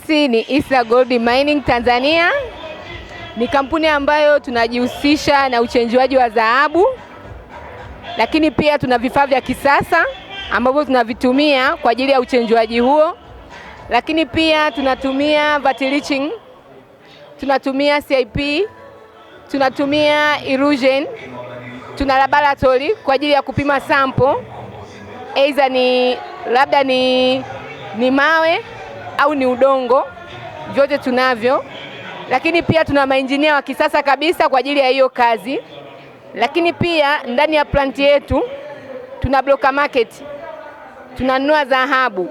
Sisi ni Isa Gold Mining Tanzania, ni kampuni ambayo tunajihusisha na uchenjuaji wa dhahabu, lakini pia tuna vifaa vya kisasa ambavyo tunavitumia kwa ajili ya uchenjuaji huo, lakini pia tunatumia vatiliching, tunatumia CIP, tunatumia erosion, tuna laboratory kwa ajili ya kupima sample, aidha ni labda ni, ni mawe au ni udongo, vyote tunavyo. Lakini pia tuna mainjinia wa kisasa kabisa kwa ajili ya hiyo kazi. Lakini pia ndani ya planti yetu tuna bloka market, tunanunua dhahabu.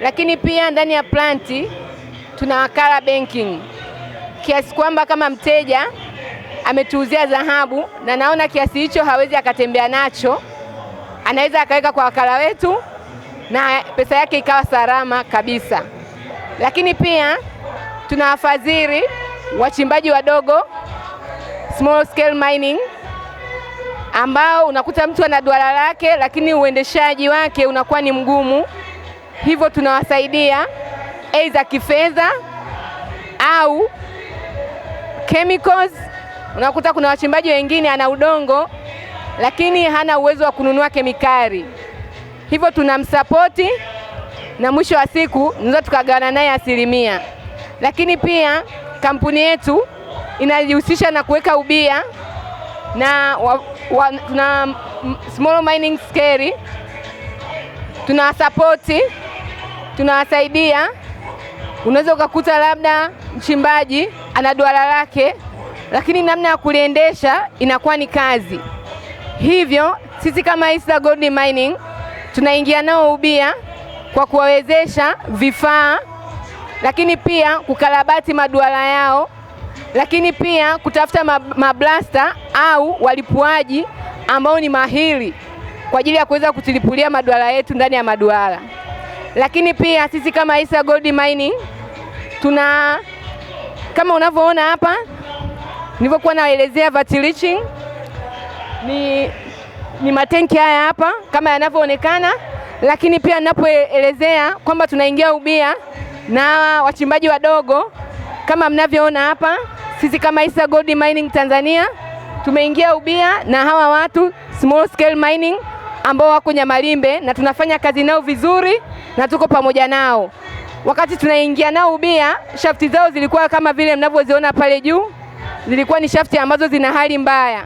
Lakini pia ndani ya planti tuna wakala banking, kiasi kwamba kama mteja ametuuzia dhahabu na naona kiasi hicho hawezi akatembea nacho, anaweza akaweka kwa wakala wetu na pesa yake ikawa salama kabisa. Lakini pia tuna wafadhili wachimbaji wadogo small scale mining ambao unakuta mtu ana duara lake, lakini uendeshaji wake unakuwa ni mgumu, hivyo tunawasaidia aidha kifedha au chemicals. Unakuta kuna wachimbaji wengine ana udongo, lakini hana uwezo wa kununua kemikali hivyo tunamsapoti na mwisho wa siku tunaweza tukagawana naye asilimia. Lakini pia kampuni yetu inajihusisha na kuweka ubia na, wa, wa, na small mining scale tunawasapoti, tunawasaidia. Unaweza ukakuta labda mchimbaji ana duara lake, lakini namna ya kuliendesha inakuwa ni kazi. Hivyo sisi kama Issa Gold Mining tunaingia nao ubia eh, kwa kuwawezesha vifaa, lakini pia kukarabati maduara yao, lakini pia kutafuta mablasta au walipuaji ambao ni mahiri kwa ajili ya kuweza kutilipulia maduara yetu ndani ya maduara. Lakini pia sisi kama Isa Gold Mining tuna kama unavyoona hapa nilivyokuwa naelezea, vatiliching ni ni matenki haya hapa kama yanavyoonekana, lakini pia ninapoelezea kwamba tunaingia ubia na wachimbaji wadogo kama mnavyoona hapa, sisi kama Isa Gold Mining Tanzania tumeingia ubia na hawa watu small scale mining ambao wako Nyamalimbe na tunafanya kazi nao vizuri na tuko pamoja nao. Wakati tunaingia nao ubia, shafti zao zilikuwa kama vile mnavyoziona pale juu, zilikuwa ni shafti ambazo zina hali mbaya,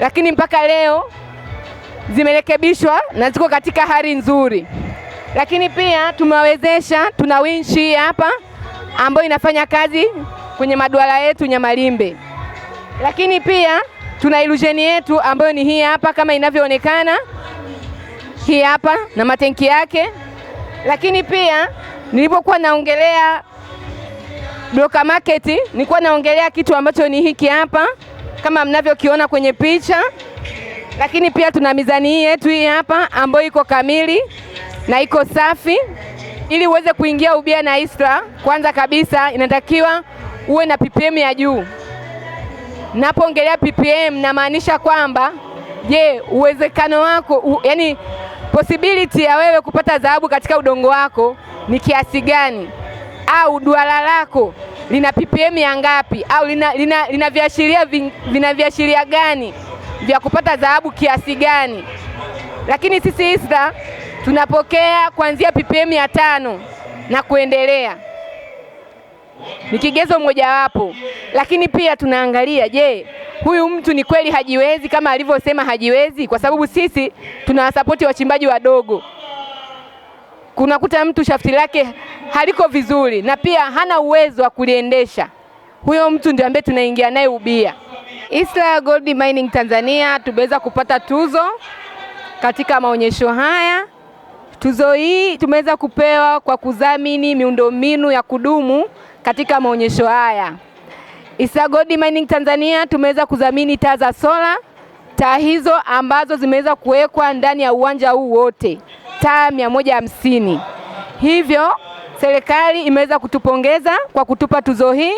lakini mpaka leo zimerekebishwa na ziko katika hali nzuri, lakini pia tumewawezesha, tuna winchi hapa ambayo inafanya kazi kwenye maduara yetu Nyamalimbe, lakini pia tuna illusion yetu ambayo ni hii hapa kama inavyoonekana hii hapa na matenki yake, lakini pia nilipokuwa naongelea Bloka Market nilikuwa naongelea kitu ambacho ni hiki hapa kama mnavyokiona kwenye picha lakini pia tuna mizani hii yetu hii hapa ambayo iko kamili na iko safi. Ili uweze kuingia ubia na Istra, kwanza kabisa inatakiwa uwe na ppm ya juu. Napoongelea ppm namaanisha kwamba, je, uwezekano wako u, yani possibility ya wewe kupata dhahabu katika udongo wako ni kiasi gani, au duara lako lina ppm ya ngapi, au lina, lina, lina viashiria vin, vina viashiria gani vya kupata dhahabu kiasi gani, lakini sisi ISDA tunapokea kuanzia ppm ya tano na kuendelea, ni kigezo mojawapo. Lakini pia tunaangalia, je, huyu mtu ni kweli hajiwezi kama alivyosema hajiwezi? Kwa sababu sisi tunawasapoti wachimbaji wadogo. Kunakuta mtu shafti lake haliko vizuri na pia hana uwezo wa kuliendesha, huyo mtu ndio ambaye tunaingia naye ubia. Isla Gold Mining Tanzania tumeweza kupata tuzo katika maonyesho haya. Tuzo hii tumeweza kupewa kwa kudhamini miundombinu ya kudumu katika maonyesho haya. Isla Gold Mining Tanzania tumeweza kudhamini taa za sola, taa hizo ambazo zimeweza kuwekwa ndani ya uwanja huu wote, taa mia moja hamsini hivyo serikali imeweza kutupongeza kwa kutupa tuzo hii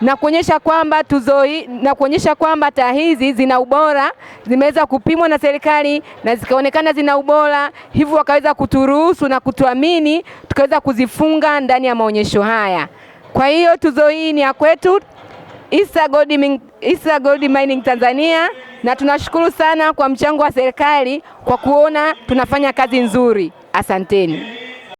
na kuonyesha kwamba tuzo hii na kuonyesha kwamba taa hizi zina ubora, zimeweza kupimwa na serikali na zikaonekana zina ubora, hivyo wakaweza kuturuhusu na kutuamini tukaweza kuzifunga ndani ya maonyesho haya. Kwa hiyo tuzo hii ni ya kwetu Issa Gold Mining, Issa Gold Mining Tanzania, na tunashukuru sana kwa mchango wa serikali kwa kuona tunafanya kazi nzuri. Asanteni.